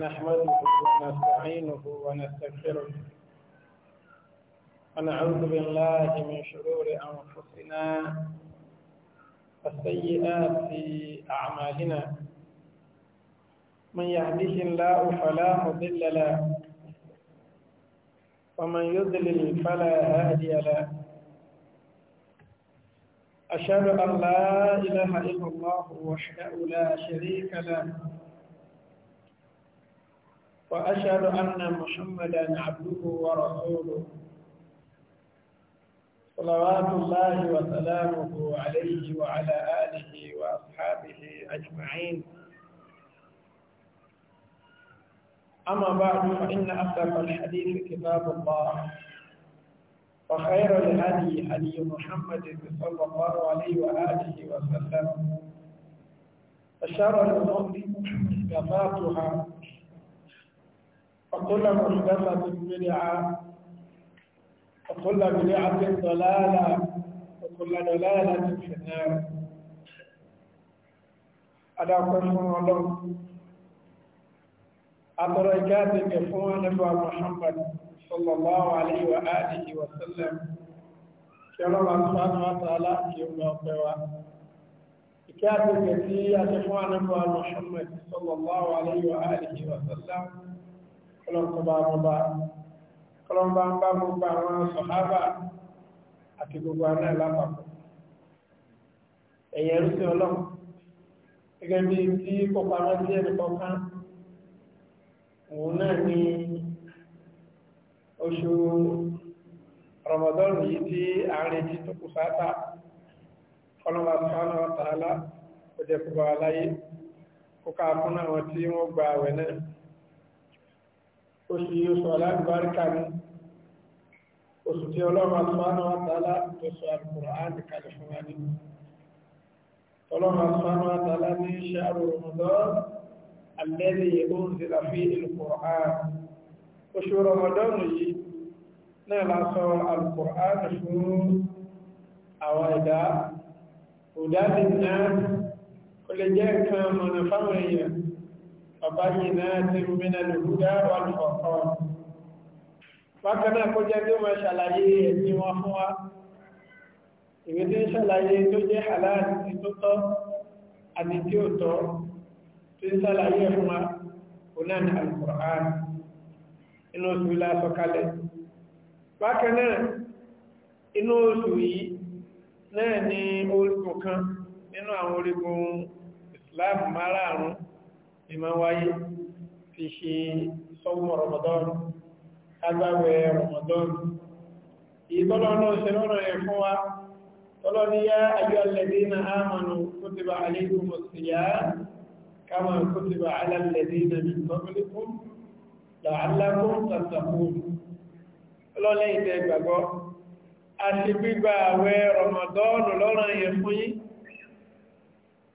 نحمده ونستعينه ونستغفره ونعوذ بالله من شرور أنفسنا والسيئات في أعمالنا من يهده الله فلا مضل له ومن يضلل فلا هادي له أشهد أن لا إله إلا الله وحده لا شريك له وأشهد أن محمدا عبده ورسوله صلوات الله وسلامه عليه وعلى آله وأصحابه أجمعين أما بعد فإن أصدق الحديث كتاب الله وخير الهدي هدي محمد صلى الله عليه وآله وسلم وشر الأمور محدثاتها وكل مهدفة بدعة وكل بدعة ضلالة وكل ضلالة في النار ألا قسم الله أدركات كفون محمد صلى الله عليه وآله وسلم كما الله سبحانه وتعالى يوم القيامة كاتب كثير أخوان محمد صلى الله عليه وآله وسلم ọlọ́nkọba ọmọba ọlọ́nba ń bá gbogbo àwọn sọ̀hábà àti gbogbo aná lápapọ̀ ẹ̀yẹ rúsí ọlọ́n gẹ́gẹ́ bí tí kọpa rántí ẹni kọkán òun náà ní oṣù rọmọdọ́nù yìí tí àárín tí tó kù sáátà ọlọ́nba sọ́nà ọ̀tàlá ó jẹ́ kó bá wa láyé kó káà fún tí wọ́n gba àwẹ̀ náà oṣù yìí oṣù alágbàríkà ní oṣù tí ọlọ́run asùmánà wa tààlà tó sọ Al-Qur'an kalẹ̀ fún wa ní ọlọ́run asùmánà wa tààlà ní ṣàrò Ramadan alladhi unzila fihi òdá lè náà kò lè jẹ́ nǹkan mọ̀nà fáwọn èèyàn وبينات من الهدى والفرقان bákan náà kó jẹ́ tí ó máa ṣàlàyé ẹ̀sìn wọn fún wa ìwé tí ń ṣàlàyé tó jẹ́ halal ti tó tọ́ àti tí ó tọ́ tí ń ṣàlàyé fún wa onan al-Qur'an inú oṣù ilá sọ̀kalẹ̀ bákan náà inú oṣù yìí náà ni orígun kan nínú àwọn orígun Islam márààrún ìmọ̀ wáyé fi ṣe sọ́wọ́ Ramadan agbáwẹ̀ Ramadan ìtọ́lọ́ náà ṣe lọ́nà ẹ̀ fún wa tọ́lọ́ ní yá ayyuhal ladhina amanu kutiba alaykumus siyam kama kutiba alal ladhina min qablikum la'allakum tattaqun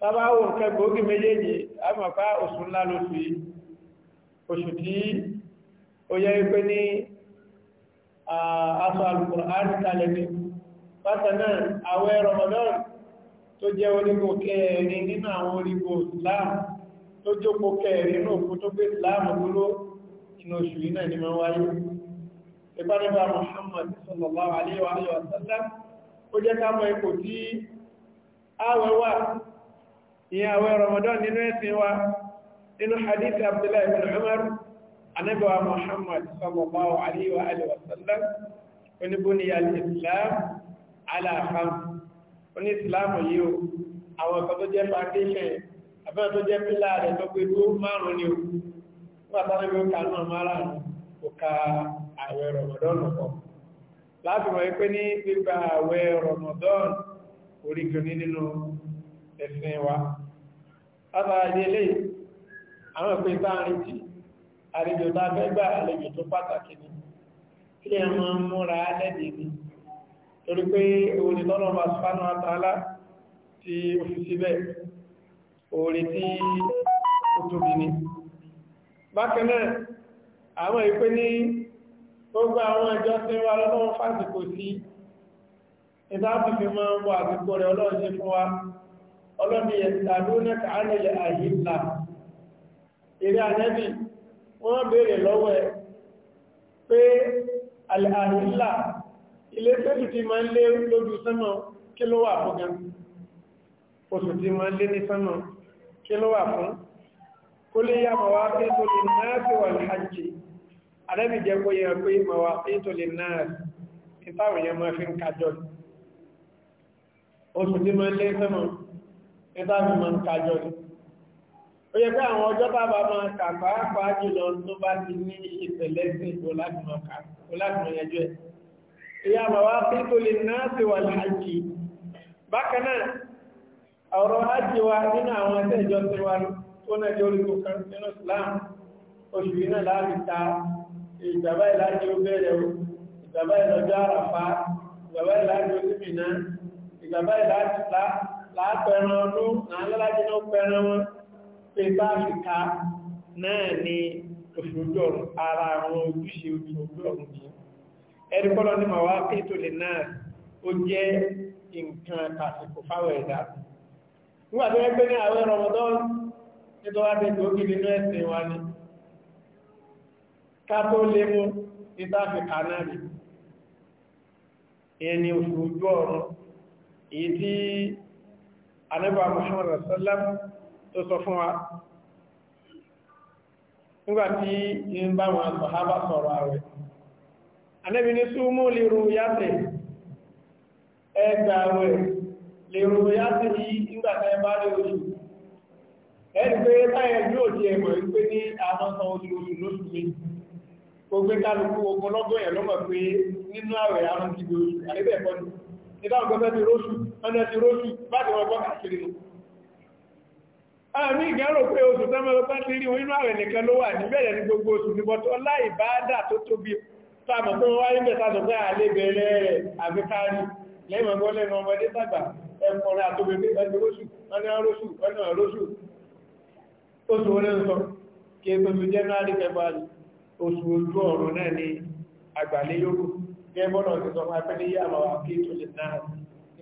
tábà wò ń kẹ́ gbòógì méjèèjì a mọ̀ pá oṣù ńlá ló fi oṣù tí ó yẹ wípé ní aṣọ Al-Qur'an kalẹ̀ ní bákan náà àwẹ̀ Ramadan tó jẹ́ orígbò kẹrin nínú àwọn orígbò Islam tó jókó kẹrin ní òkú tó gbé Islam dúró inú oṣù yìí náà ni máa wáyé ìbánibà Muhammad sallallahu alaihi wa sallam ó jẹ́ ká mọ̀ ipò tí àwẹ̀ wà ìyàwó Ramadan nínú ẹ̀sìn wa nínú hadith Abdullahi ibn Umar Ànábì wa Muhammad sallallahu alaihi wa alihi wasallam oní buniya al-Islam ala khams oní Islam yìí o àwọn ọ̀kan tó jẹ́ foundation àbẹ́ tó jẹ́ pílà rẹ̀ tó pé tó márùn-ún ni o wọ́n tánà bí ó ẹ̀sìn wa látara ilé ilé àwọn ìpín bá ń retí àlejò tá a fẹ́ gbà àlejò tó pàtàkì ni kí ẹ máa ń múra lẹ́dìí ni torí pé òun ni lọ́nà bá sùpánù àtàlá tí ó fi síbẹ̀ òòrè tí ó tóbi ni bákan náà àwọn ìpé ní gbogbo àwọn ẹjọ́ tí wà lọ́wọ́ fásitì kò sí ìdábùfin máa ń wọ àtìkò rẹ̀ ọlọ́ọ̀ṣẹ́ fún wa ọlọ́ni ẹ̀sàdó nẹ́ka ánìlẹ̀ àyíká eré anẹ́bì wọ́n bèèrè lọ́wọ́ ẹ̀ pé àyíká ilé tẹ́jù ti máa ń lé lójú sánmà kí ló wà fún gan oṣù ti máa ń lé ní sánmà kí ló wà fún kó lè yá mọ̀wá pé lè náà sí wà ní hajji jẹ́ kó yẹ pé mọ̀wá pé lè náà sí táwọn fi ń kájọ́ oṣù ti máa ń lé sánmà ẹbá mi máa ń kájọ ní ó yẹ pé àwọn ọjọ́ bàbá máa kà pàápàá jùlọ tó bá ti ní ìpẹ̀lẹ́ sí ìbò láti máa kà ó láti máa yẹjú ẹ̀ ìyá bàbá pípò lè náà ti wà láàájì ìjàmbá ìlàjì ó bẹ̀rẹ̀ o ìjàmbá ìlọjọ́ àràfá ìjàmbá ìlàjì ó sì mìíràn ìjàmbá ìlàjì láàpẹran ọdún àálọ́lájẹ́ náà pẹran wọn pé bá àfíkà náà ni òṣòjò ara àwọn ojúṣe òṣòjò ọ̀run jù ẹ̀rí kọ́lọ́ ní màwá pètò lè náà ó jẹ́ nǹkan tàṣìkò fáwọn ẹ̀dá nígbà tó yẹ pé ní àwọn Ramadan nítorí wá tẹ́jú ó gidi mẹ́sìn wa ni ká tó èyí tí anẹ́bà Muhammad sallam tó sọ fún wa nígbàtí in bá wọn sọ̀hábà sọ̀rọ̀ àwẹ̀ anẹ́bì ní súnmú lè rú yàtẹ̀ ẹgbà àwẹ̀ lè rú yàtẹ̀ yìí nígbàtẹ́ bá lè oṣù ẹni pé táyẹ̀ yóò di ẹ̀mọ̀ ìpé ní àmọ́sàn oṣù oṣù lóṣù mi gbogbo kálukú ogun lọ́gbọ̀n yẹn pé nínú àwẹ̀ àrùn ti gbòòṣù àríbẹ̀ pọ̀ nígbà ti róṣù ọ̀nà ti rójú báti wọ́n gbọ́ káàkiri nù àmì ìgbẹ́rò pé oṣù tọ́mọ́lọpá ti rí inú ààrẹ nìkan ló wà níbẹ̀rẹ̀ ní gbogbo oṣù ní bọ́tọ́ láì bá dà tó tóbi sáàmù pé wọ́n wáyé mẹ́ta sọ pé àlè bẹ̀rẹ̀ rẹ̀ àfikárí lẹ́mọ̀gbọ́ lẹ́nu ọmọdé tàgbà ẹkùnrin àtòbèbè ẹgbẹ̀rọ̀ṣù ọ̀nàrọ̀ṣù ọ̀nàrọ̀ṣù oṣù kí egbèmí ni àgbàlẹ́ yóò gẹ́gbọ́nà ti sọ fún apẹ́lẹ́yà àwọn lè náà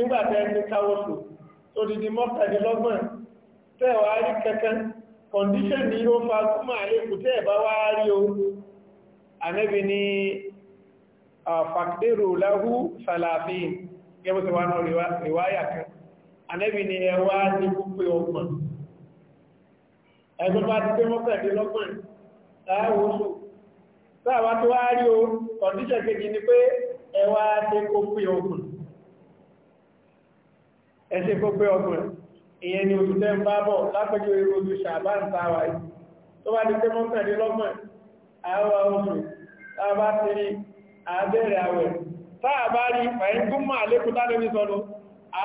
nígbàtẹ́ ní káwọ́sù tó dìdí mọ́kàndínlọ́gbọ̀n tẹ́wàá rí kẹkẹ́ kọ̀ndíṣẹ́ ní ó fa súnmọ́ àlékù tẹ́ bá wá rí o anẹ́bì ní fàkdérò láhú sàlàfí gẹ́bùsẹ̀ wà náà ríwáyà kan anẹ́bì ní ẹwà ní púpẹ́ ọgbọ̀n ẹgbẹ́ bá ti pé mọ́kàndínlọ́gbọ̀n láàwọ́sù sáàwá tó wá rí o kọ̀ndíṣẹ́ kejì ni pé ẹwà ní púpẹ́ ọgbọ̀n ẹ̀ṣẹ́ kó pé ọgbọ̀n ìyẹn ni oṣù tẹ́ ń bá bọ̀ lápẹjọ irú oṣù ṣàbá ń ta wáyé tó bá di pé mọ́kànlélọ́gbọ̀n àwọ̀ oṣù tá a bá ti rí àbẹ̀rẹ̀ àwẹ̀ tá a bá rí fàyíngúnmọ́ àlékún tánàbí sọ́nu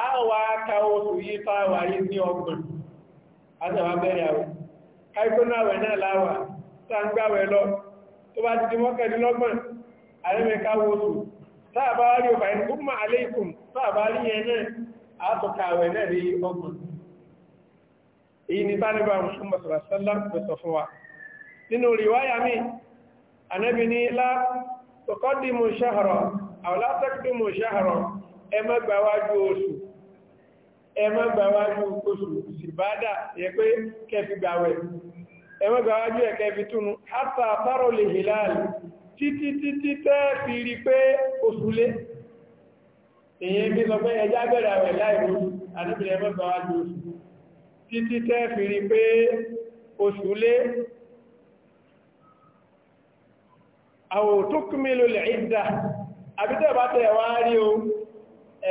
àwọ̀ aka oṣù yìí tá a wà yìí ní ọgbọ̀n àtàwà bẹ̀rẹ̀ àwẹ̀ káìkónà àwẹ̀ náà láwà tá ń gbáwẹ̀ lọ tó bá ti rí fàyíngúnmọ́ náà àtọ̀kàwẹ̀ náà rí ọgbọ̀n èyí ni bá nígbà Muhammad sọ̀rọ̀sọ́lá pẹ̀sọ̀ fún wa nínú ríwáyà mi anẹ́bí ní lá tọkọ́dìmù ṣáhàrọ̀ àwọlátọ́kọ́dìmù ṣáhàrọ̀ ẹmọ́gbàwájú oṣù ẹmọ́gbàwájú oṣù ìbádà yẹ pé kẹfì gbàwẹ̀ èyí bí sọ pé ẹjá bẹ̀rẹ̀ àwẹ̀ láìrú àdúgbìlẹ̀ mọ́gbà wá ju oṣù títí tẹ́ fi rí pé oṣù lé àwọ̀ tó kúmílò lè ìdá àbítẹ̀ bá tẹ̀ wá rí o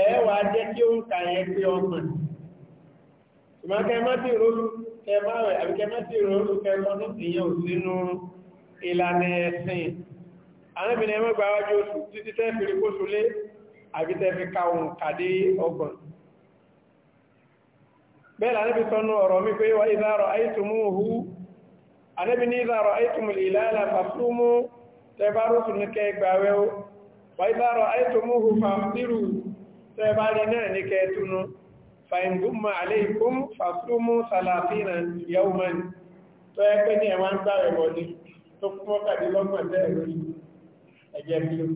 ẹ̀ẹ́wà jẹ́ kí ó ń kà yẹ pé ọmọ ìlànà ẹ̀sìn àwọn ìbìnrin mọ́gbà àbítẹ́ fi ká ohun kàdé ọgbọ̀n bẹ́ẹ̀ lánàbí sọ́nú ọ̀rọ̀ mi pé wà ìzárọ̀ àìtùmúhú anẹ́bí ní ìzárọ̀ àìtùmùl ìlàlà fàfúmú tẹbárùsù ní kẹgbàwẹ́ wà ìzárọ̀ àìtùmúhú fàfúrù tẹbárí ẹgbẹ́ bí ó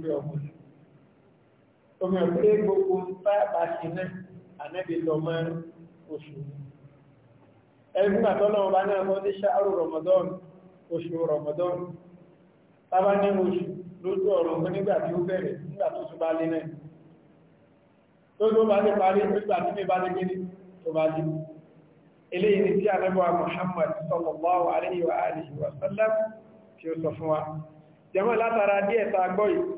pé ọmọ omi ọ̀pẹ́ gbogbo bá ṣe náà ànẹ́bí lọ mọ́ oṣù ẹgbùn àtọ́lọ́wọ́ bá náà mọ́ ní ṣáàrù Ramadan oṣù Ramadan bábá ní oṣù lójú ọ̀rọ̀ nígbà tí ó bẹ̀rẹ̀ nígbà tó ṣùgbà lé náà tó tó bá lè parí nígbà tí mi bá lè gírí tó bá lè eléyìí ni tí ànẹ́bọ̀wà Muhammad sallallahu alaihi wa alihi wa sallam tí ó sọ fún wa jẹ́mọ́ látara díẹ̀ gbọ́ yìí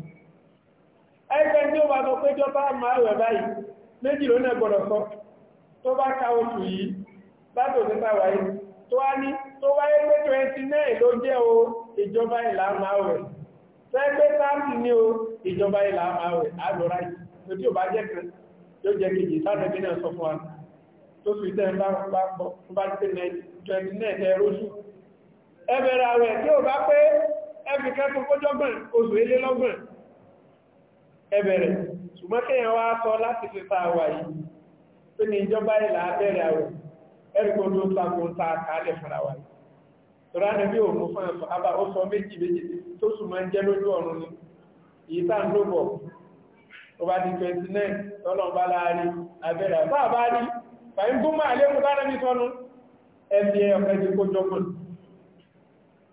ẹgbẹ́ tí ó bá sọ pé jọba máa wẹ̀ báyìí méjì ló náà gbọ́dọ̀ sọ tó bá ka oṣù yìí látò sí tàwáyé tó wá ní tó wáyé pé 29 ló jẹ́ o ìjọba ìlà máa wẹ̀ sẹ́gbẹ́ sáàtì ní o ìjọba ìlà máa wẹ̀ àlọ́rá tó tí ò bá jẹ́ kan yóò jẹ́ kejì sátẹ́bí náà sọ fún wa tó sì tẹ́ bá bá tẹ́ 29 ẹróṣù ẹbẹ̀rẹ̀ àwẹ̀ tí ò bá pé ẹbìkẹ́ tó kójọ́gbọ̀n oṣù elélọ́gbọ̀n ẹbẹ̀rẹ̀ ṣùgbọ́n kí wá sọ láti fi ta wà yìí tó ní ìjọba ìlà abẹ́rẹ̀ àwẹ̀ ẹ̀rùkọ́ ló sàkó ta kàálẹ̀ fara wà yìí tọ́rọ ànàbí òun fún àṣọ àbá ó sọ méjì méjì tó súnmọ́ ń di 29 tọ́lọ̀ bá láàrin abẹ́rẹ̀ àbá àbá rí fàyín gúnmọ́ àlékún bá rẹ̀ mi sọnù ẹ̀fì kó jọgbọ̀n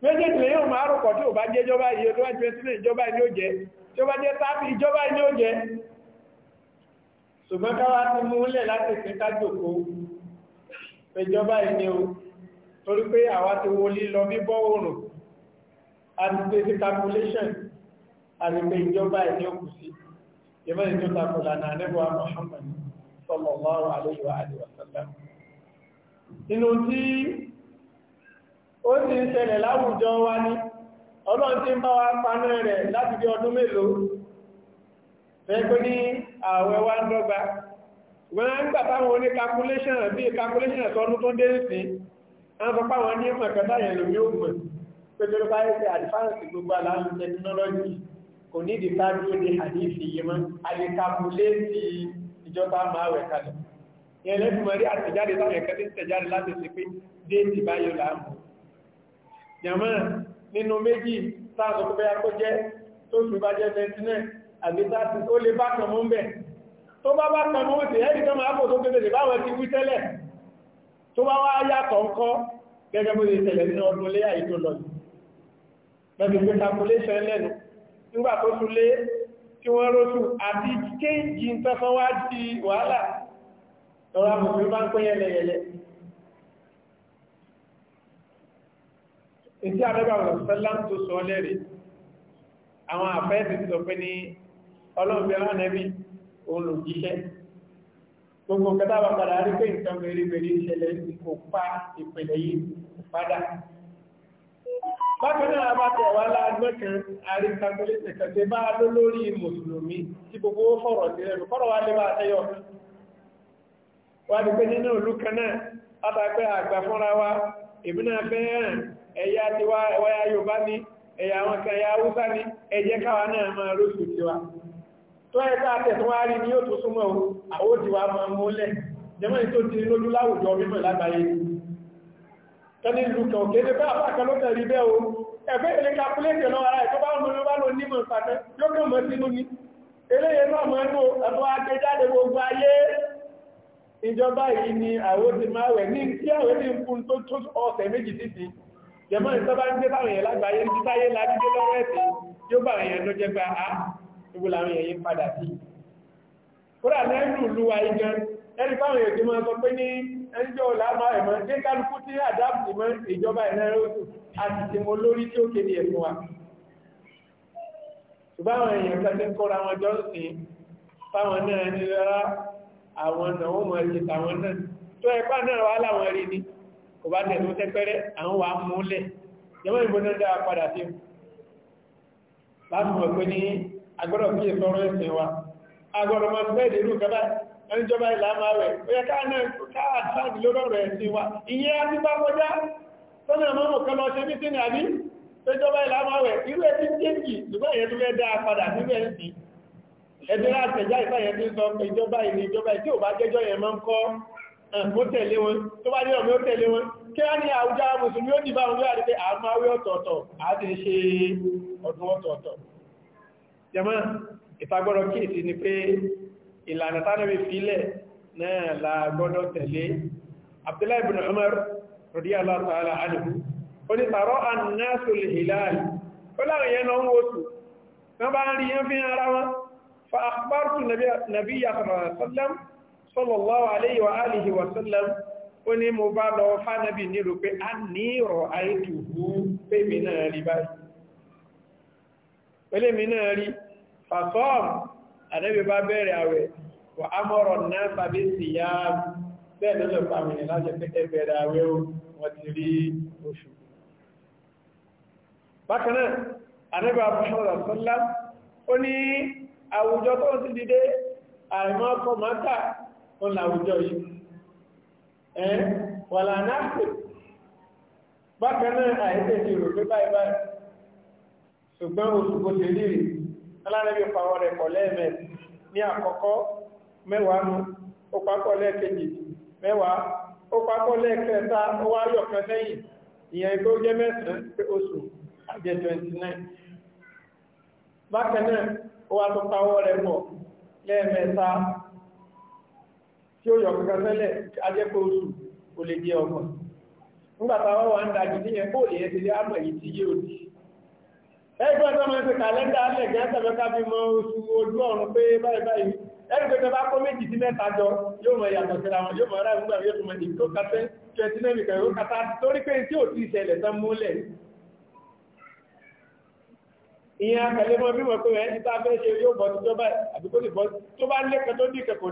méjèèjì lè yóò máa rọ̀pọ̀ tí ò bá jẹ́ ìjọba yìí tó bá jẹ́ sílé ìjọba ní ó jẹ́ tí ó bá jẹ́ tábí ìjọba ní ó jẹ́ ṣùgbọ́n káwá ti mú lẹ̀ láti fi kájòkó ìjọba ìní o torí pé àwa ti wo lílọ bíbọ́ oòrùn àti pé ti calculation àti pé ìjọba ìní ó kù sí ìmọ̀ ètò takùlà náà níbo Muhammad sallallahu alaihi wa sallam ó ti ń ṣẹlẹ̀ láwùjọ wa ní ọlọ́run tí ń bá wa paná rẹ̀ láti bí ọdún mélòó fẹ́gbẹ́ ní ààwẹ̀ wa ń dọ́gba wọ́n ń gbà táwọn oní calculation bí calculation tọdún tó dé sí wọ́n sọ páwọn ní ìmọ̀ ògùn pẹ̀lú báyẹ̀ sí advance gbogbo technology kò ní ìdí tájú ní àdífì yìí mọ́ àyíkàmúléèdì ìjọba máa wẹ̀ kalẹ̀ ìyẹn lẹ́fìmọ̀ rí àtẹ̀jáde táwọn ẹ̀kẹ́ jẹ̀mọ́ nínú méjì sáàtọ̀ tó a kó jẹ́ tó fi bá jẹ́ 29 àbí 30 ó lè bá kan mú bẹ̀ tó bá bá kan mú tẹ̀ ẹ́rì kan máa kò tó kéde báwọn ti wí tẹ́lẹ̀ tó bá wá yàtọ̀ ń kọ́ gẹ́gẹ́ bó lè tẹ̀lẹ̀ nínú ọdún léyà ìtò lọ mẹ́bí pé calculation lẹ́nu nígbà tó tún lé tí wọ́n rótù àti kéjì ń tẹ́fọ́n wá di wàhálà ọ̀rọ̀ àmùsùn bá ń pín yẹlẹyẹlẹ ìdí àrẹ́bà ọ̀sọ́lám tó sọ lẹ́rẹ̀ àwọn àfẹ́ẹ̀sì sọ pé ní ọlọ́ọ̀bí alánẹ́bí olùjíṣẹ́ gbogbo kẹta bá padà rí pé nǹkan mèremère ìṣẹ̀lẹ̀ kò pa ìpìlẹ̀ yìí padà bákan náà bá tẹ̀ wá láàgbẹ́ kan àrí kàtólẹ́sẹ̀ kẹtẹ bá lólórí mùsùlùmí tí gbogbo fọ̀rọ̀ sí lẹ́nu fọ́rọ̀ wá lé bá ẹ̀yà tiwa ẹ̀wọ́ya Yorùbá ni ẹ̀yà àwọn kan ẹ̀yà Haúsá ni ẹ̀jẹ́ káwa náà máa lóṣù tiwa tó ẹ̀ka àtẹ̀túnwárí ni yóò tó súnmọ́ àwọn òdìwà máa múlẹ̀ jẹ́mọ́ ìtò ti lójú láwùjọ mímọ̀ lágbàáyé tẹ́lẹ̀ ìlú kan kéde bá àpákan ló tẹ̀rí bẹ́ o ẹ̀fẹ́ ilé kàpúlẹ̀tì lọ ara ẹ̀kọ́ bá mọ́ bá lọ nímọ̀ pàtẹ́ yóò kàn ìjọba yìí àwọn ti máa wẹ̀ ní tí àwẹ́ ní fún tó tó ọ̀sẹ̀ méjì títí jẹmọ́ ìsọ́bá ń gbé báwọn èèyàn lágbàáyé ní táyé lágbàáyé lọ́wọ́ ẹ̀sìn yóò bá èèyàn ló jẹ́ pé a ah, ìwò làwọn èèyàn yìí padà sí kúrà lẹ́rù lú ayé gan ẹni báwọn èèyàn ti máa sọ pé ní ẹjọ́ làmà ẹ̀mọ́ dé kálukú tí àdáàbò mọ́ ìjọba ìnáyẹ̀rọ́sù àti ti mo lórí tí ó kéde ẹ̀fún wa ṣùgbọ́n èèyàn kan ti ń tó ẹ̀pá náà wà láwọn rí ni kò bá tẹ̀ tó tẹ́pẹ́rẹ́ àwọn wà múlẹ̀ jẹmọ́ ìbò náà dáa padà sí láti mọ̀ pé ní agbọ́dọ̀ fi ìsọ̀rọ̀ ẹ̀sìn wa agbọ́dọ̀ máa bẹ́ẹ̀ dèrú kẹba ẹnjọba ìlàmáwẹ̀ ó yẹ káàkiri lórọ̀rọ̀ ẹ̀sìn wa ìyẹ́ á ti bá kọjá tọ́nà mọ́mọ̀ kan lọ ṣe mítí ní àbí tẹ́jọba ìlàmáwẹ̀ irú ẹ̀sì jẹ́jì ṣùgbọ́n ìyẹn tó fẹ́ dáa padà nínú ẹ̀sì ẹ̀dẹ́rẹ́ àtẹ̀já ìfàyẹ̀ tí ń sọ ìjọba ìlú ìjọba tí ò bá jẹ́jọ́ yẹn máa ń kọ́ mo tẹ̀lé wọn tó bá nílọ̀ mi ó tẹ̀lé wọn kí á ní àwùjá mùsùlùmí ó dìbà òun láti pé a máa wé ọ̀tọ̀ọ̀tọ̀ a ti ṣe ọdún ọ̀tọ̀ọ̀tọ̀ jẹmọ́ ìfagbọ́rọ̀ kíìsì ni pé ìlànà tánàbí fílẹ̀ náà la gbọ́dọ̀ tẹ̀lé Abdullahi ibn Umar radiyallahu ta'ala anhu ó ní tàrọ́ annasu al-hilal ó láwọn yẹn náà ń wòsù sallallahu alayhi wa alihi wa sallam ó ní mo bá lọ fánàbì nílò pé a ní ọ̀rọ̀ àìtùkú pèmì náà rí báyìí pẹ̀lẹ́mì náà rí fàtọ́m àdẹ́bì bá bẹ̀rẹ̀ àwẹ̀ wà á mọ́rọ̀ náà sàbí sí yá bẹ́ẹ̀ lọ́lọ́ pàmìnì láti pẹ́kẹ́ bẹ̀rẹ̀ òun làwùjọ yìí ẹ́ wà lànàpè bákan náà àìsẹ̀ ti rò pé báyìí báyìí ṣùgbọ́n oṣù kò ṣe rí rí alárẹ́bí pàwọ́ rẹ̀ pọ̀ lẹ́ẹ̀mẹ́ ní àkọ́kọ́ mẹ́wàá nù ó papọ̀ lẹ́ẹ̀kejì mẹ́wàá ó papọ̀ lẹ́ẹ̀kẹta ó wá yọ̀kan ó wá tó pàwọ́ rẹ̀ pọ̀ lẹ́ẹ̀mẹ́ta tí ó yọ kankan sẹ́lẹ̀ ajẹ́kọ̀ oṣù ó lè jẹ́ ọmọ nígbàtà wọ́n wà ń dájú ní ẹ̀kọ́ òlè yẹn ti àmọ̀ èyí tí yóò di ẹgbẹ́ ọ̀tọ́ máa ń ṣe kàlẹ́ndà alẹ́ gẹ́sẹ̀fẹ́ kábí mọ oṣù ojú ọ̀run pé báyìí báyìí ẹni pé tẹ bá méjì sí mẹ́ta jọ yóò mọ ìyàtọ̀ wọn yóò mọ ará ìgbà yóò mọ tó ta fẹ́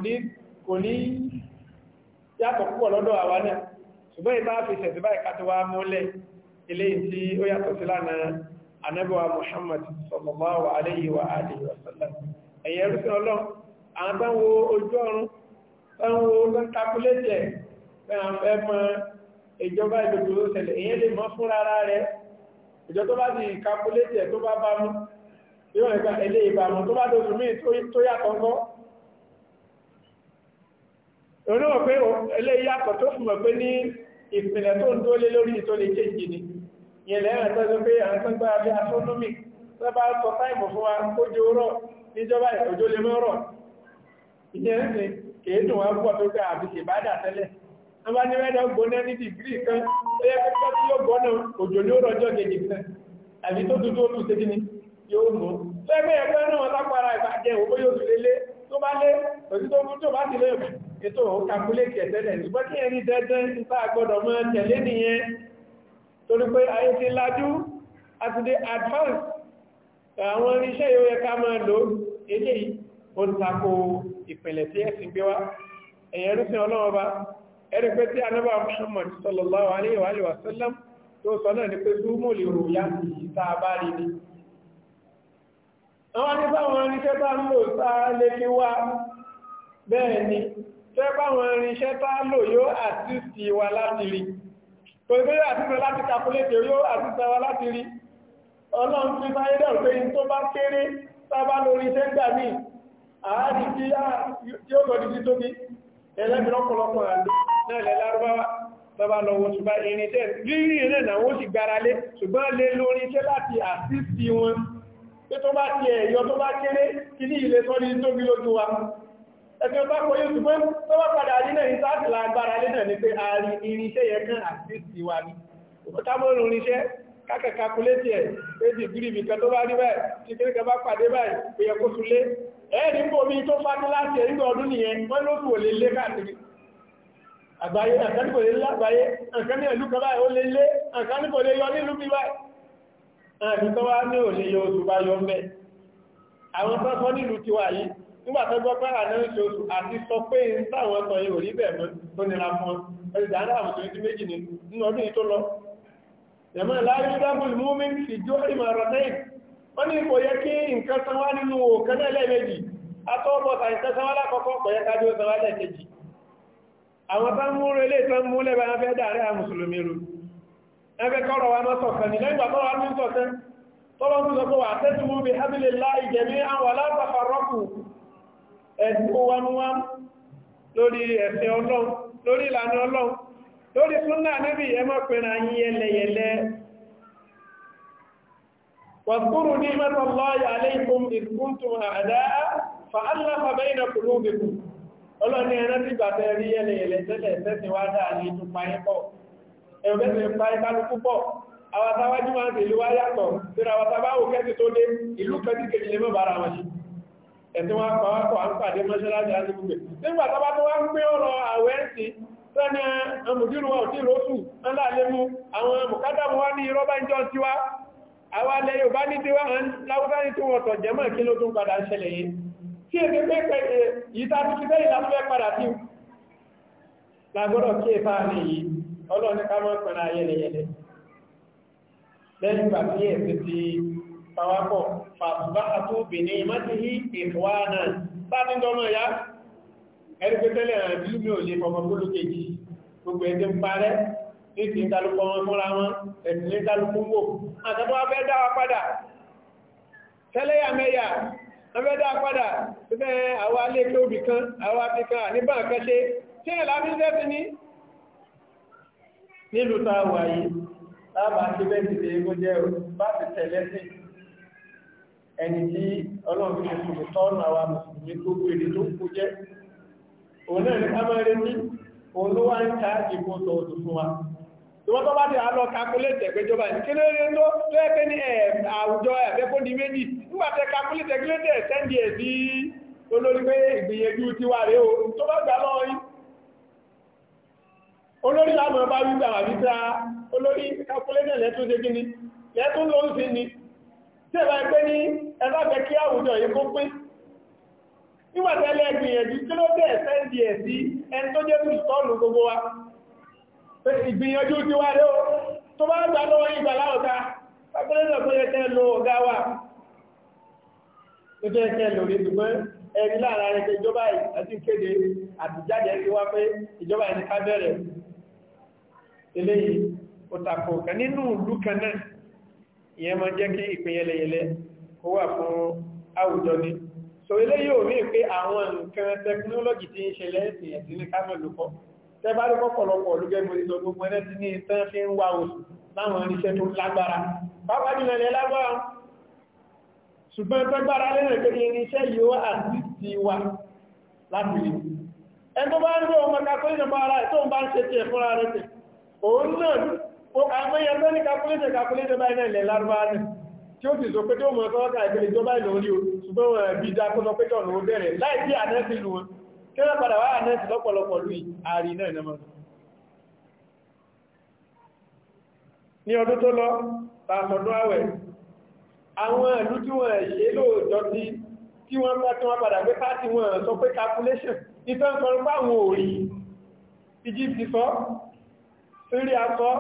ṣe kò ní yàtọ̀ púpọ̀ lọ́dọ̀ àwa náà ṣùgbọ́n ìbá fi ṣẹ̀sì báyìí ká tó wá mọ́lẹ̀ ilé tí ó yàtọ̀ sí lánàá anábọ̀wà Muhammad sallallahu alayhi wa alihi wa sallam wo ojú ọrún wo tán takuléjẹ̀ pé à ń fẹ́ mọ ìjọba ìdòdò tó ṣẹlẹ̀ ìyẹn lè mọ́ fún rárá rẹ̀ ìjọ tó bá ti kakuléjẹ̀ tó bá bá mú yóò olóò pé eléyìí yàtọ̀ tó fún mọ̀ pé ní ìpìlẹ̀ tó ń dólé lórí tó lè jẹ́ ìjìnì yẹn lẹ́yìn tó sọ pé àwọn tó gbára bí astronomy tó bá sọ táìmù fún wa kójú rọ̀ níjọba òjò lè mọ́rọ̀ ìyẹn náà lápára ìbàjẹ́ òbó yóò lélé tó bá lé òjú tó fún tó bá ti lé ètò kàkúlékì ẹ̀tẹ́lẹ̀ ṣùgbọ́n kí ẹni dẹ́dẹ́ nípa gbọ́dọ̀ mọ́ tẹ̀lé nìyẹn torí pé ayé ti lájú àti dé advance àwọn irinṣẹ́ yóò yẹ ká máa lò èdè ó ń tako ìpìlẹ̀ tí ẹ̀sìn gbé wá ẹ̀yẹ̀ rúfin ọlọ́wọ́ bá ẹ̀rí pé tí anábà Muhammad sallallahu alaihi wa sallam tó sọ rí àwọn anífáwọn irinṣẹ́ bá ń lò sáà lè fi wá bẹ́ẹ̀ ni tẹ́báwọn irinṣẹ́ tá lò yóò àtìsì wa láti rí kò gbé àtìsì láti kàkúlétì yóò àtìsì wa láti rí ọlọ́run tí sáyédọ̀ pé in tó bá kéré sábá lórí iṣẹ́ gbà ní àádì tí yóò gọ̀dì sí tóbi ẹlẹ́mìírànkọlọpọ̀ àlẹ́ lárúbáwá bàbá lọ wọn ṣùgbọ́n irinṣẹ́ rírí ilẹ̀ náà wọ́n sì gbára lé ṣùgbọ́n lé lórí iṣẹ́ láti àtìsì wọn pé tó bá ti ẹ̀yọ tó bá kéré kí ní ilé tó ní tóbi lójú wa ẹ̀fẹ́ bá kọ yóò túnbẹ́ tó bá padà rí náà ní sáàtì lágbára lé náà ní pé a rí irinṣẹ́ yẹ kán àtìsí wa ní òkútàmọ́rún irinṣẹ́ kákẹ̀kakulétì ẹ̀ pé dìgírì nìkan tó bá rí báyìí tí kéríkẹ bá pàdé báyìí pé yẹ kó tún lé ẹ̀ẹ́dì ń bomi tó fájú láti ẹ̀yìn ọdún nìyẹn wọ́n ló báyìí àmì tó wá ní òṣè yọ oṣù bá yọ mẹ́ àwọn tọ́kọ́ nílùú ti wà yìí nígbàtọ́ gbọ́ pàrà náà ṣe oṣù àti sọ pé ń táwọn ọ̀tọ̀ yìí ò rí bẹ̀ mọ́ tó nira fún ẹ̀sìdá náà àwọn tó méjì nínú ọdún yìí tó lọ yẹ̀mọ́ láàrín dábùl múmi fi jó ìmọ̀ ọ̀rọ̀ tẹ́yìn wọ́n ní kò yẹ kí nǹkan san wá nínú òkan náà lẹ́ẹ̀mejì atọ́bọ̀ tàìsẹ́ san wá lákọ̀ọ́kọ́ kò yẹ kájú san wá lẹ́ẹ̀kejì àwọn tán mú relé tán mú lẹ́bàá fẹ́ dàárẹ́ àmùsùlùmí rú ẹgbẹ́ kọ́rọ̀ wa náà sọ̀kan ní lẹ́yìn àtọ́rọ̀ ní sọ̀tẹ́ tọ́lọ́ tó sọ́kọ́ wà tẹ́tù mú bí hábílélá ìjẹ̀mí àwọn aláàbàfàrọ́kù ẹ̀sùn wánúwá lórí ẹ̀sẹ̀ ọlọ́run lórí ìlànà ọlọ́run lórí súnnà níbi ẹ̀rọ mẹ́sẹ̀ parí kálukú pọ̀ àwọn àtàwájú máa ń tèlé wá yàtọ̀ síra àwọn tàbáwò kẹ́sì tó dé ìlú kẹ́sì kejì lè mọ́ bára wọn ṣe ẹ̀tún wá pàwápọ̀ àpàdé mọ́ṣáláṣí àti gbogbo nígbà tàbá tó wá ń gbé ọ̀rọ̀ àwẹ́ sí sẹ́nà àmùdínú wa òtí lóṣù ńláàlémú àwọn mùkádàmù wá ní rọ́bá ìjọ tí wá àwọn alẹ́ yóò bá ní tíwá láwúsá ní tí wọ́n tọ̀ jẹ́mọ́ kí ló tún padà ṣẹlẹ̀ yìí tí èdè pẹ́pẹ́ yìí tá ọlọ́run ní ká máa pẹ̀lú ayẹlẹyẹlẹ lẹ́yìn ìgbà tí ẹ̀sẹ̀ ti pàwápọ̀ fàtùbá àtúbì ní ìmájìhí ìfọwà náà bá ní dọ́nà ya ẹni pé tẹ́lẹ̀ àbí mi ò lè fọmọ gbóló kejì gbogbo ẹ̀sẹ̀ ń parẹ́ ní ti ń kálukọ wọn fúnra wọn ẹ̀sìn ní kálukú wò àtàbọ̀ abẹ́ dá wa padà tẹ́lẹ̀ yà mẹ́yà abẹ́ dá wa padà bẹ́ẹ̀ àwọn alẹ́ tóbi kan àwọn afikan àníbà kan ṣe tí ẹ̀ lábí sẹ́sìn ní nílùú tá a wà yìí láàbà akébẹ́ ti jẹ́ bá ti tẹ̀lé sí ẹni tí ọlọ́run fi kùnú tọ́nù àwa mùsùlùmí gbogbo èdè tó kú jẹ́ òun náà ní ní òun ló wá ń ta ìbò fún wa tó bá ti àlọ́ ní tó ẹgbẹ́ ní àwùjọ di méjì ẹ̀ sí olórí pé ìgbìyànjú o tó bá gbà yìí olórí lámọ̀ bá wípé àwọn àbíta olórí calculator lẹ́tún ṣe gíní lẹ́tún ló ń sí ni tí ẹ̀bá ẹgbẹ́ ní ẹbáfẹ́ kí àwùjọ yìí kó pín nígbàtẹ́lẹ̀ gbìyànjú tí ló bẹ̀ẹ̀ sẹ́ndì ẹ̀ sí ẹni tó jẹ́ mùsùlùmí gbogbo wa ìgbìyànjú ti wá rẹ́ o tó bá gbà lọ́wọ́ ìgbà láwọ̀ta calculator tó yẹ kẹ́ lo ọ̀gá wa tó jẹ́ kẹ́ lò rí ṣùgbọ́n ẹ̀rí láàárín ìjọba àti ìkéde àtijáde ti wá pé ìjọba ẹni ká bẹ̀rẹ̀ eléyìí ó tako kan nínú ìlú náà ìyẹn máa jẹ́ kí ìpín yẹlẹyẹlẹ wà fún àwùjọ ni so eléyìí ò ní pé àwọn nǹkan tẹkinọ́lọ́jì tí ń ṣe lẹ́sìn ẹ̀sìn ní kámọ̀ lókọ́ tẹ́bá ló kọ́kọ̀lọpọ̀ olúgẹ́ mo ti sọ gbogbo ẹ̀rẹ́ ti ní ìtàn fi ń wá oṣù láwọn irinṣẹ́ tó lágbára pápá jùlọ ilẹ̀ lágbára ṣùgbọ́n tó gbára lẹ́rẹ̀ pé irinṣẹ́ yóò àti ti wá láti rí ẹni tó bá ń rí ọmọ kakọ́ ìjọba ara ẹ̀ ń bá ń ṣe tiẹ̀ fúnra rẹ̀ tẹ̀ òun náà ó àmọ́yẹ tó ní calculator calculator báyìí náà ilẹ̀ lárúbá náà tí ó sì sọ pé tí ó mọ̀ sọ́ọ́kà ìpele tó báyìí lórí o ṣùgbọ́n wọn bí dá kó sọ pé tọ̀nà ó bẹ̀rẹ̀ láì bí ànẹ́sì lu wọn kí wọ́n padà wá ànẹ́sì lọ́pọ̀lọpọ̀ lù ààrí náà náà ní ọdún tó lọ tààmọ̀dún àwẹ̀ àwọn ìlú tí wọ́n ṣe lóòjọ́ tí tí wọ́n bá tí wọ́n padà gbé pàtí wọn sọ pé calculation ìfẹ́ ń sọ rí akọ́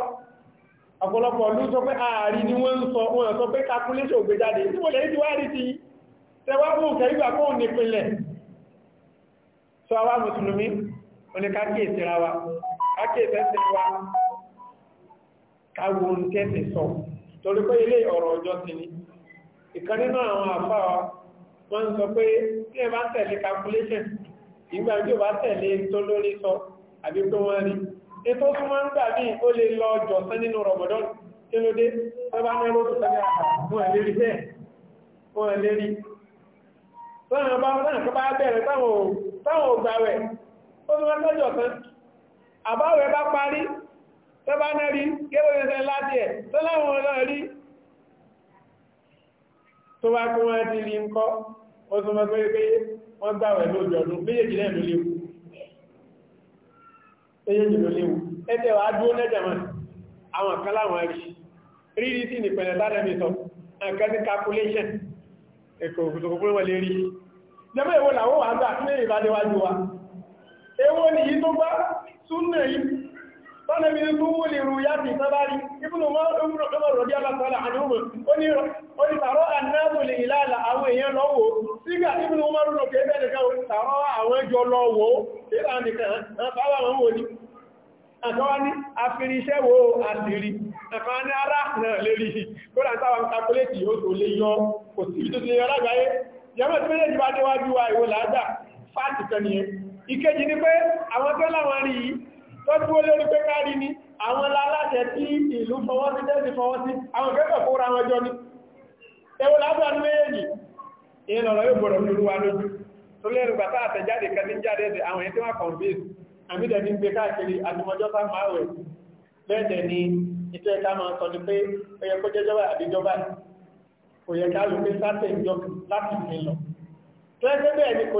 ọ̀pọ̀lọpọ̀ ló sọ pé ààrí ni wọ́n ń sọ wọ́n sọ pé calculation ògbé jáde tí mo lè ti wá rí ti tẹwà fún òkè ìgbà kó nípínlẹ̀ sọ àwa mùsùlùmí oníkákíyèsí ra wa kákíyèsí wa káwọn tẹ́sì sọ torí pé ilé ọ̀rọ̀ ọjọ́ ti ní ìkan nínú àwọn àfáà wọ́n ń sọ pé tí ẹ bá tẹ̀lé calculation ìgbà tí ó bá tẹ̀lé tó lórí sọ àbí pé wọ́n rí ètò súnmọ́ ń gbà ní ó lè lọ jọ̀sán nínú rọ̀mọ̀dọ́n kí ló dé tọ́bá ní ẹrù tọ́bá àwọn ẹ̀lérí bẹ́ẹ̀ wọ́n ẹ̀lérí tọ́nà bá tọ́nà tó bá bẹ̀rẹ̀ táwọn ògbàwẹ̀ ó ní wọ́n tọ́jọ̀ kan àbáwẹ̀ bá parí tọ́bá náà rí gẹ́gẹ́ láti ẹ̀ tó láwọn ọlọ́rí tó bá kí wọ́n ti rí ń kọ́ ó súnmọ́ pé wọ́n gbàwẹ̀ lóòjọ̀dún méjèèjì náà ló léwu ẹyẹ jùlọ léwu ẹgbẹ́ wa dúró lẹ́jẹ̀mọ́ àwọn kan láwọn rí rírí sí nìpẹ̀lẹ̀ tánàmì sọ nǹkan ní calculation ẹ̀kọ́ òkùtòkùn fún wọlé rí jẹ́mọ́ èwo làwọ́ wà gbà fún èrè bá tọ́nà mi tó wó lè rúyá sí sábárí ibùnú mọ́rọ̀dí alákọ́lá àdúgbò ó ní tàrọ ànáàbò lè ìlàlà àwọn èèyàn lọ́wọ́ sígbà ibùnú mọ́rọ̀dí kẹfẹ́ nìkan tàrọ àwọn ẹjọ́ lọ́wọ́ sígbà nìkan àpáwà wọn wò ní àtọ́wà ní afiriṣẹ́ wo àtìrí ẹ̀fà ní ara náà lérí kódà táwọn kakuléètì yóò tó lè yọ kò sí tó ti lè yọ lágbàáyé yẹmọ̀ tí méjèèjì bá déwájú wa ìwò làágbà ni pé àwọn tó láwọn rí lọ́dúnwó lórí pé káàrí ni àwọn aláṣẹ tí ìlú fọwọ́ sí tẹ́sí fọwọ́ sí àwọn ìfẹ́fẹ́ kó ra wọn jọ ní ẹwọ lábúrà ní méjèèjì ìyẹn lọ́rọ̀ yóò gbọ́dọ̀ ní olúwa lójú tó lẹ́rù gbàtà àtẹ̀jáde kan ní jáde ẹ̀sẹ̀ àwọn ẹni tí wọ́n kàn bèèrè àmìdẹ̀ ní gbé ni ìtọ́ ẹ̀ká máa sọ ní pé ó yẹ kò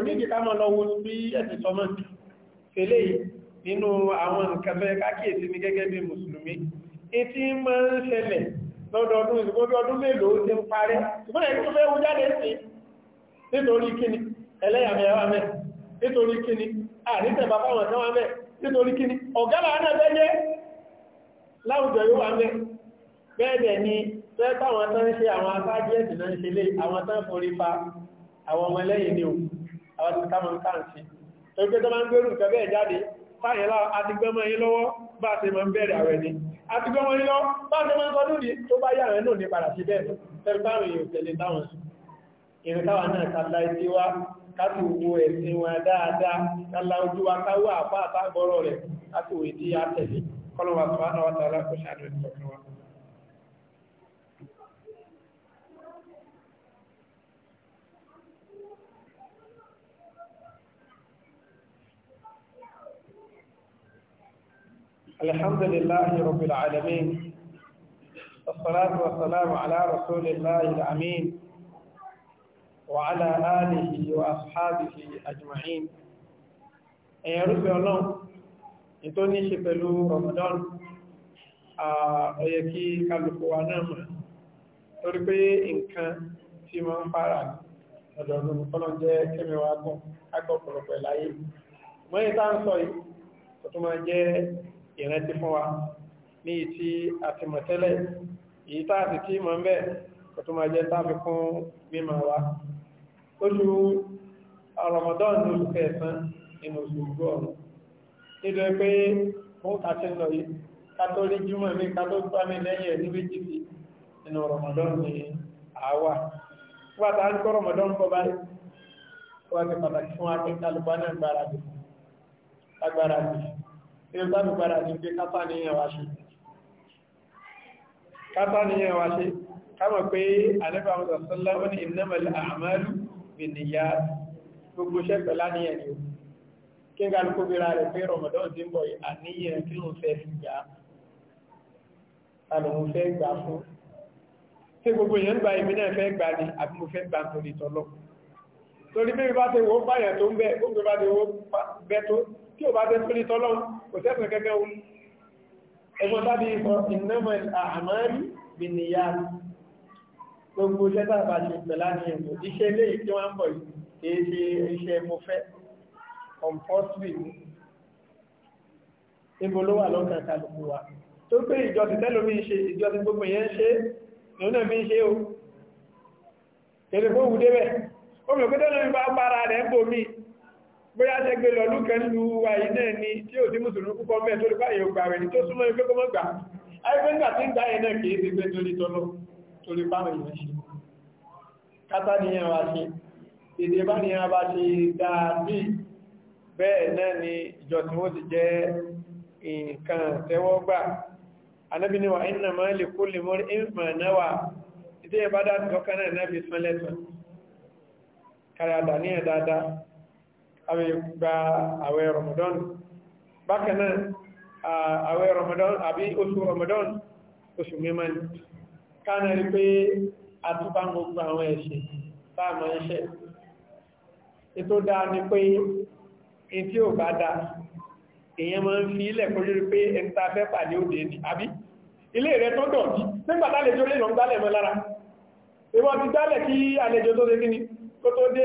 ní ìdí ká máa lọ wo bí eléyìí nínú àwọn nǹkan tó yẹ kákìyèsí ní gẹ́gẹ́ bí mùsùlùmí etí máa ń ṣẹlẹ̀ lọ́dọọdún ìsìnkú bí ọdún mélòó ti ń parẹ́ ṣùgbọ́n ẹ̀kí tó fẹ́ wú jáde sí nítorí kíni ẹlẹ́yàmẹ̀yà wà mẹ́ nítorí kíni àríṣẹ́ bàbá wọn náà wà mẹ́ nítorí kíni ọ̀gá làánà bẹ́jẹ́ láwùjọ yóò wà mẹ́ bẹ́ẹ̀dẹ̀ ni pẹ́ táwọn tán tó máa ń gbérù nǹkan bẹ́ẹ̀ jáde báyẹ̀lá àtigbẹ́mọ́ yí lọ́wọ́ bá ṣe mọ́ bẹ̀rẹ̀ àwẹ̀ ni àtigbẹ́mọ́ yí lọ bá ṣe mọ́ sọdún ní tó bá yàrẹ̀ náà ní padà sí bẹ́ẹ̀ tẹ́rìbáwẹ̀ yóò tẹ̀lé táwọn ìrìnkáwà náà tàbí tí wá káti owó ẹ̀sìn wọn dáadáa kálá ojú wa káwọ́ àpá àtàgbọ́rọ̀ rẹ̀ káti òwe tí a tẹ̀lé kọ́lọ̀wà sọ́wọ́n àwọn tààlà kò ṣàdùn الحمد لله رب العالمين والصلاة والسلام على رسول الله الأمين وعلى آله وأصحابه أجمعين ẹ̀yẹ rúfẹ́ ọlọ́run ní tó ní ṣe pẹ̀lú Ramadan ọ̀yẹ̀ kí kálùkù wa náà mọ̀ torí pé nǹkan tí ma ń fara ọ̀dọ̀dún kọ́lọ̀ jẹ́ kẹ́mẹ̀wàá gùn akọ̀pọ̀lọpọ̀ láyé mọ́ ìrántí fún wa ní ìtí àtìmọ̀tẹ́lẹ̀ èyí tá àti tí mọ̀ ń bẹ̀ kò tó máa jẹ́ tábí fún mímọ̀ wa oṣù Ramadan ní oṣù kẹsàn nínú Ramadan ní àwà wọ́n ta Ramadan kọ́ báyìí wọ́n ti pàtàkì fún akẹ́kọ̀ọ́ alùpàá ẹgbẹ́ mi padà ní pé kápá ní ẹwà ṣe kápá ní ẹwà ṣe kámọ̀ pé alẹ́bà mọ́sànsánlá ó ní ìnámọ̀lẹ̀ àmàlù bìnìyà gbogbo iṣẹ́ pẹ̀lá ní ẹni kí n kálukú bíra rẹ̀ pé torí bí mi bá ti wo báyàn tó ń bẹ́ tó tí ò bá fẹ́ tó ní tọ́lọ́run kò sẹ́sìn kẹ́kẹ́ o ẹgbọ́n tábí sọ ìnáwó àmàrí bìnìyà gbogbo iṣẹ́ tàbí àti ìpẹ̀lá ní ẹ̀mọ́ iṣẹ́ ilé tí wọ́n ń bọ̀ yìí ṣe iṣẹ́ mo fẹ́ compulsory níbo ló wà lọ́kàn kálukú wa tó pé ìjọsìn tẹ́lómi ṣe ìjọsìn gbogbo yẹn ṣe lòun náà fi o tẹ̀lé fóòwù débẹ̀ ó mọ̀ pé tẹ́lómi bóyá tẹ́ gbé lọ lúkẹ́ nínú wa yìí náà ni tí ò sí mùsùlùmí púpọ̀ mẹ́ tó lúpá èèyàn gbà rẹ̀ ní tó súnmọ́ ìgbé kọmọ́ gbà ayébẹ́gbà tí ń gbà yẹn náà kìí ti gbé torí tọ́lọ́ torí wa ṣe èdè bá nìyàn bá ṣe dáadí bẹ́ẹ̀ náà ni ìjọ tí wọ́n ti ìdí ẹ̀bá dáadọ́ náà fi sán lẹ́tọ̀ọ́ kára dà níyàn àwọn ìgbà àwẹ̀ Ramadan bákan náà àwẹ̀ Ramadan àbí oṣù Ramadan oṣù mímọ́ ni káàna rí pé a tún bá gbogbo àwọn ẹ̀ṣẹ̀ táàmà iṣẹ́ ètò dáa ni pé in tí ò bá dáa èyàn máa ń fi ilẹ̀ kó lórí pé ẹni ta fẹ́ pàdé òde ni àbí ilé rẹ̀ tó dọ̀tí nígbàtà àlejò lè lọ ń gbálẹ̀ mọ́ lára ìwọ́n ti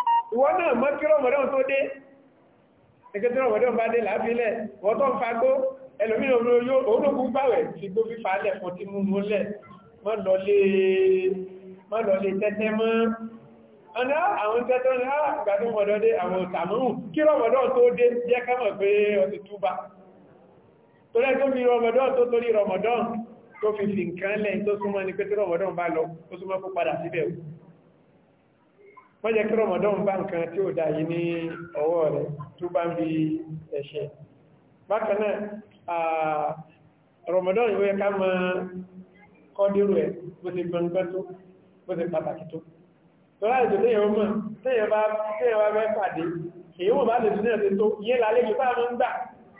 ìwọ náà mọ́ kí rọmọdán tó dé ẹgbẹ́ tí rọmọdán bá dé láàbílẹ̀ wọ́n tó ń fagbó ẹlòmínà ológun gbàwẹ̀ fi gbó fífà lẹ̀ fún ti múmú lẹ̀ mọ́ lọ lé tẹ́tẹ́ mọ́ ọ̀nà àwọn tẹ́tọ́ ní àgbàdo mọ̀dọ́ dé àwọn òtàmọ́hùn kí rọmọdán tó dé jẹ́ ká mọ̀ pé ó ti túbà torí ẹgbẹ́ mi rọmọdán tó torí rọmọdán tó fi fi nǹkan lẹ́yìn tó súnmọ́ ni pé tí rọmọdán bá lọ ó súnmọ́ kó padà síbẹ̀ mọ́jẹ́ kí rọmọdán bá nǹkan tí ó dá yìí ní ọwọ́ rẹ̀ tó bá ń bí ẹ̀ṣẹ̀ bákanáà rọmọdán ìwé ká mọ́ kọ́dírò ẹ̀ bó ti gbọ́ngbọ́n tó bó ti pàtàkì tó tọ́lá ìjọ tẹ́yẹ̀ ọmọ tẹ́yẹ̀ bá fẹ́ pàdé èyí wọ́n bá lè tún ẹ̀sẹ̀ tó yé lálejò tá mọ́ ń gbà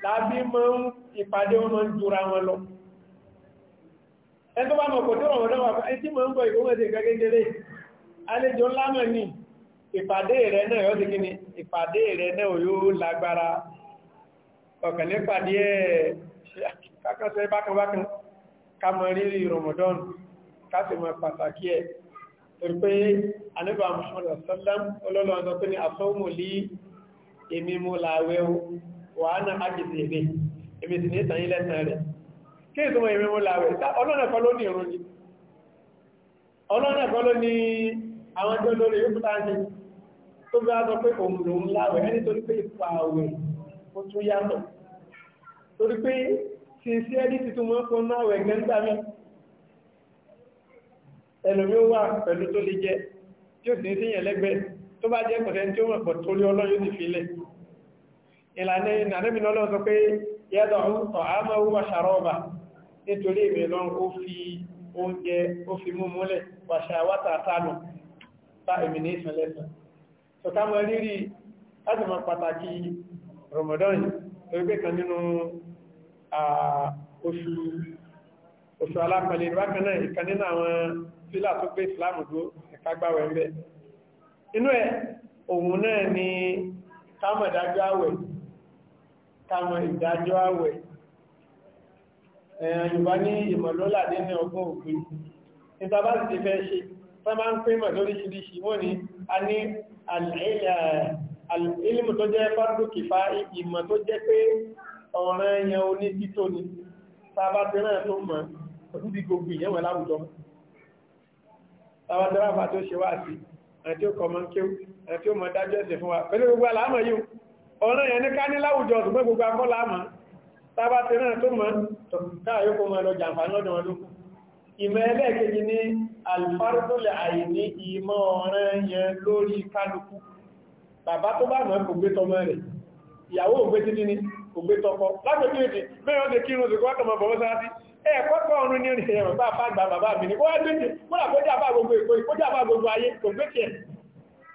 lábí mọ́ ń ìpàdé wọn mọ́ ń jura wọn lọ ìpàdé rẹ̀ náà yóò ti kí ni ìpàdé rẹ̀ náà yóò lágbára ọ̀kàn ní pàdé ẹ̀ kákànṣẹ́ bákanbákan kámọ rírí Ramadan kásìmọ̀ pàtàkì ẹ̀ torí pé anábà Muhammad sallam olóòlọ́ọ̀dọ́ tó ní asọ́mù lí èmi mú láàwẹ́ wàhánà ágìsì èdè èmi sì ní ìtàn ilẹ̀ tàn rẹ̀ kí ìtumọ̀ èmi tó bí wá sọ pé òun lòun láwẹ̀ ẹni torí pé ipa àwẹ̀ ó tún yàtọ̀ torí pé ṣe sí ẹni tuntun mọ́ fún náwẹ̀ gẹ́ńgbà mi ẹlòmí ó wà pẹ̀lú tó lè jẹ tí ó sì ń síyàn lẹ́gbẹ̀ẹ́ tó bá jẹ́ kọ̀tẹ́ tí ó mọ̀ pọ̀ torí ọlọ́yọ́ ti fi lẹ̀ ìlànà ìnàdẹ́bìn ọlọ́run sọ pé yẹ́dọ̀ ọ̀tọ̀ àmọ́ wà ṣàrọ́ọ̀bà nítorí ìmìlọ́n ó fi oúnjẹ ó fi mú múlẹ̀ wàṣà wátà sánù bá ìmìnì ìsìnlẹ́sàn sọ̀tá mọ̀ rírì pàtàkì Ramadan orígbé kan nínú oṣù oṣù alápẹ̀lẹ̀ bákanáà ìkan nínú àwọn fílà tó gbé ìsìláàmù dó ìkágbàwẹ̀ ń bẹ inú ẹ̀ òun náà ni kámọ̀ ìdájọ́ àwẹ̀ kámọ̀ ìdájọ́ àwẹ̀ ẹ̀yàn yorùbá ní ìmọ̀lólà nínú ọgbọ́n òfin tán bá ń pín mọ̀ lóríṣiríṣi wọ́n ni a ní ilmu tó jẹ́ fardu kifai ìmọ̀ tó jẹ́ pé ọ̀rọ̀ ẹ̀yàn oní títò ni sábà tí náà tó mọ̀ òdúbí gbogbo ìyẹn wọn láwùjọ sábà dáráfà tó ṣe wá sí àti ó kọmọ kí àti ó mọ dájú ẹ̀sẹ̀ fún wa pẹ̀lú gbogbo aláàmọ̀ yìí ọ̀rọ̀ ẹ̀yàn ní ká ní láwùjọ tó káà yóò kó mọ̀ lọ jàǹfà lọ́dún ọdún ìmọ̀ ẹlẹ́ẹ̀kejì ní alfardulẹ̀ àìní ìmọ̀ ọ̀rẹ́ yẹn lórí kálukú bàbá tó bá mọ̀ kò gbé tọmọ rẹ̀ ìyàwó ògbé tí ní kò gbé tọkọ lágbẹ̀kejì mẹ́rin ọdẹ kírun sí kọ́kọ́ mọ̀ bọ̀wọ́ sára sí ẹ kọ́kọ́ ọ̀run ní ìrìn ẹ̀rọ bá bá gbà bàbá mi ní kó wá gbé tí kó là kójá bá gbogbo èkó ìkójá bá gbogbo ayé kò gbé tí ẹ̀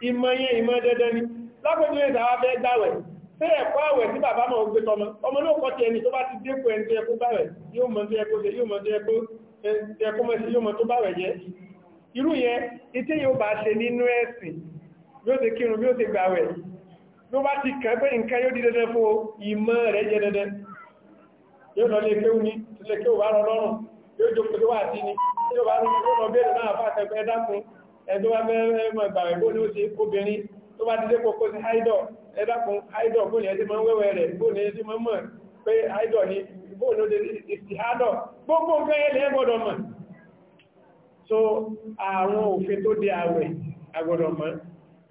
ìmọ̀ yẹn ìmọ̀ dẹdẹ ni lágbẹ̀kejì ìta wá fẹ́ gbàwẹ̀ ṣé ẹ̀kọ́ àwẹ̀ tí bàbá mọ̀ gbé tọmọ ọmọ náà kọ́ ti ẹni tó bá ti dépò ẹkọmọsí yóò mọ̀ tó bá rẹ̀ jẹ́ irú yẹn ìtẹ́ yóò bá ṣe nínú ẹ̀sìn bí ó ti kírun bí ó ti gbàwẹ̀ ló bá ti kàn pé nǹkan yóò di dandan fún ìmọ̀ rẹ̀ jẹ́ dandan yóò lọ lè kéwú ní ilé kéwú bá rọ lọ́rùn yóò jókòó tó wà sí ni yóò bá rú yóò lọ bẹ́ẹ̀rẹ̀ náà fà tẹ̀pẹ́ dákun ẹ̀dọ́ bá bẹ́ẹ̀rẹ̀ mọ̀ ìgbàwẹ̀ bó ni pé àìdọ̀ ní bóòlóde ìsìhádọ̀ gbogbo gẹ́ẹ̀lẹ́ gbọ́dọ̀ mọ̀ so àwọn òfin tó dé àwẹ̀ agbọ́dọ̀ mọ̀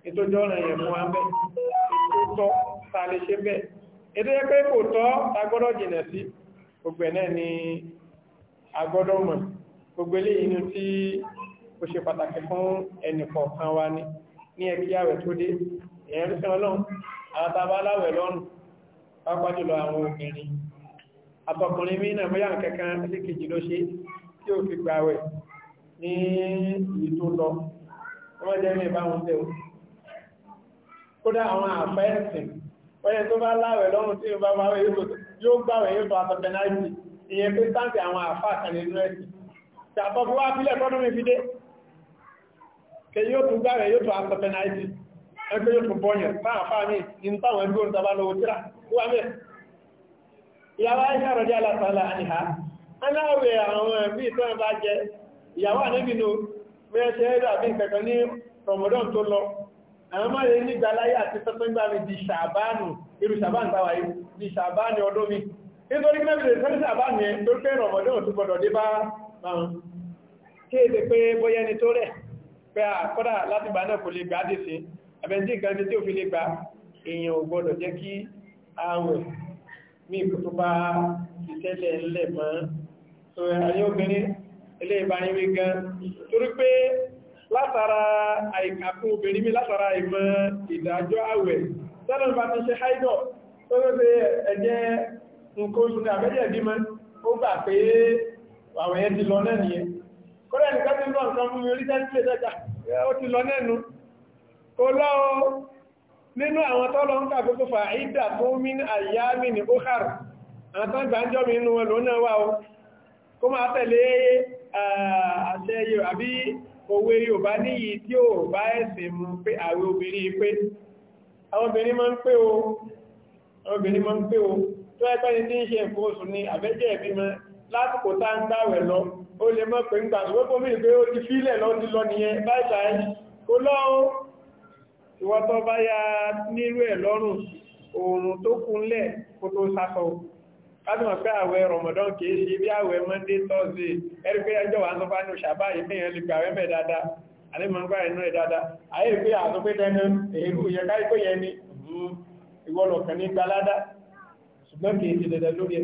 ìtòjọ́ ọ̀rọ̀ yẹn fún abẹ́ ìtòtọ́ tààlẹ̀ ṣe bẹ́ ètò yẹ pé kò tọ́ agbọ́dọ̀ jìnà sí gbogbo náà ni agbọ́dọ̀ mọ̀ gbogbo ilé inú tí ó ṣe pàtàkì fún ẹnìkọ̀ọ̀kan wa ní ní ẹgbẹ́ àwẹ̀ tó dé èèyàn ló fẹ́ràn lọ́run àtàbà aláwẹ̀ pápájùlọ àwọn obìnrin àtọkùnrin mí náà mọ́yà kankan lékejì ló ṣe tí ó fi gbàwẹ̀ ní ìyí tó lọ wọ́n jẹ́ mẹ́ báwọn tẹ́ kódà àwọn àfẹ́ ẹ̀sìn ọyẹ tó bá láwẹ̀ lọ́rùn tí ó bá wáwẹ̀ yóò gbàwẹ̀ yóò tó àtọ̀ pẹ̀náìtì ìyẹn pé sáǹtì àwọn àfà àkàlẹ̀ inú ẹ̀sìn tí àtọ̀ fi wá sílẹ̀ fọ́dún mi fi dé ẹgbẹ́ yóò fún bọ́yẹ̀ máa fà ní ìntàwọn ẹgbẹ́ òun tàbá lọ́wọ́ tíra wà mẹ́ ìyàwó àìṣà rọ̀dí alásàálà àníhà aláwẹ̀ àwọn ẹ̀bí ìtọ́rọ̀ bá jẹ ìyàwó àníbìnú mẹ́ẹ̀ṣẹ́ ẹ̀rọ àbí ìkẹ̀kọ́ ní Ramadan tó lọ àwọn máa lè nígbà láyé àti sọ́tọ́gbà di ṣàbánù irú ṣàbánù tàwà yìí di ṣàbánù ọdún mi nítorí kí lẹ́bìnrin sọ́rí ṣàbánù yẹn tó pé Ramadan tó gbọdọ̀ dé bá wọn kéèdè pé bóyá ẹni tó rẹ̀ pé àkọ́dà láti gbà náà kò lè gbà sí àbẹ̀ntí nǹkan tí tí ò fi lè gba èèyàn ò gbọ́dọ̀ jẹ́ kí àwẹ̀ ní ìkò tó bá ìtẹ́lẹ̀ ńlẹ̀ mọ́ ayé obìnrin ilé ìbáyíwé gan torí pé látara àìkàkún obìnrin mi látara ìmọ̀ ìdájọ́ àwẹ̀ tẹ́lẹ̀ bá ti ṣe haidọ̀ tó lóde ẹ̀jẹ́ nǹkan oṣù ní àbẹ́jẹ̀ bímọ́ ó gbà pé àwẹ̀ yẹn ti lọ náà nìyẹn kọ́lẹ̀ nìkan ti lọ kò lọ nínú àwọn tọ́lọ ń kàfẹ́ kó fà ìdà tó mí ní àyà mí ní ókàr àtàn gbàjọ́ mi inú wọn lónà wà ó kó máa tẹ̀lé àṣẹ yóò àbí òwe yóò bá níyì tí ó bá ẹ̀sìn mú pé àwọn obìnrin pé àwọn obìnrin máa ń pé o àwọn obìnrin máa ń pé o tó ẹgbẹ́ ni tí ń ṣe nǹkan oṣù ni àbẹ́jẹ́ ẹ̀bí mọ́ lásìkò tá ń gbàwẹ̀ lọ ó lè mọ́ pé ń gbà ṣùgbọ́n kó mìíràn pé ó ti fílẹ̀ lọ́ ti lọ nìyẹn báyìí kò lọ́ọ́ ìwọ́n tó bá yá nírú ẹ̀ lọ́rùn oòrùn tó kúnlẹ̀ kó tó sásọ kádùn pé àwẹ̀ Ramadan kìí ṣe bí àwẹ̀ Monday Thursday ẹ̀rí pé ẹjọ́ wà ń sọ fánú ṣàbá ìpínyàn lè gbà wẹ́mẹ̀ dáadáa ni ìwọ́lọ̀ kan ní gbalada ṣùgbọ́n kìí ṣe dẹ̀dẹ̀ lórí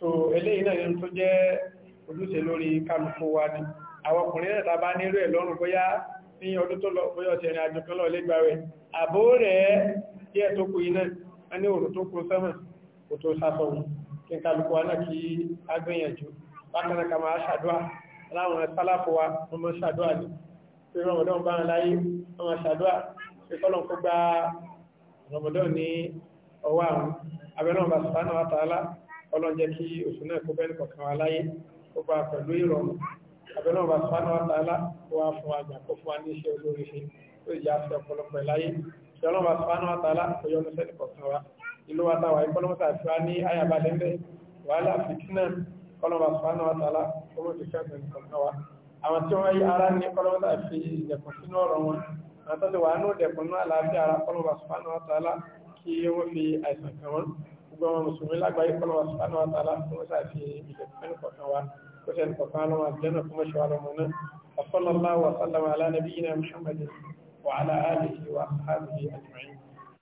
so eléyìí náà ni tó jẹ́ ojúṣe lórí àwọn ọkùnrin náà tàbá nírú ẹ̀ lọ́rùn bóyá ní ọdún tó lọ bóyá ọ̀sẹ̀ ìrìn àjò kan lọ lé gbàwẹ̀ àbó rẹ̀ díẹ̀ tó kù iná a ní òrùn tó kù sẹ́mọ̀ kò tó sásọ̀wọ̀ kí n kálukú wa náà kí a gbìyànjú bákan ká máa ṣàdúà láwọn sálàfò wa wọ́n mọ́ ṣàdúà ní pé rọmọdán bá ń láyé wọ́n ó gba pẹ̀lú ìrọ̀rùn abẹ́lẹ́ ọba sanu àtàlá wà fún àjà kó fún wa ní iṣẹ́ olórí ṣe tó ìjà àti ọ̀pọ̀lọpọ̀ ìláyé ìṣẹ́lọ́ ọba sanu àtàlá kò yọ lọ́sẹ̀ nìkọ̀tún wa ìlú wa táwa ìkọlọ́mọ́tà àti wa ní àyàbalẹ̀ ńlẹ̀ wàhálà fìtínà kọlọ́ba sanu àtàlá kọ́mọ́ ti fẹ́ bẹ̀rẹ̀ nìkọ̀tún wa àwọn tí wọ́n yí ara ní kọlọ́mọ́tà fi ìdẹ̀kùn sínú ọ̀rọ̀ wọn àwọn tó ti wà ní òdẹ̀kùn náà láàbí ara kọlọ́ba sanu àtàlá kí wọ́n fi àìsàn kan wọn gbogbo àwọn mùsùlùmí lágbàáyé kọlọ́ba sanu àtàlá kọ́mọ́tà fi ìdẹ̀kùn وجل فقالوا أبلنا كما شعر منا وصلى الله وسلم على نبينا محمد وعلى آله وأصحابه أجمعين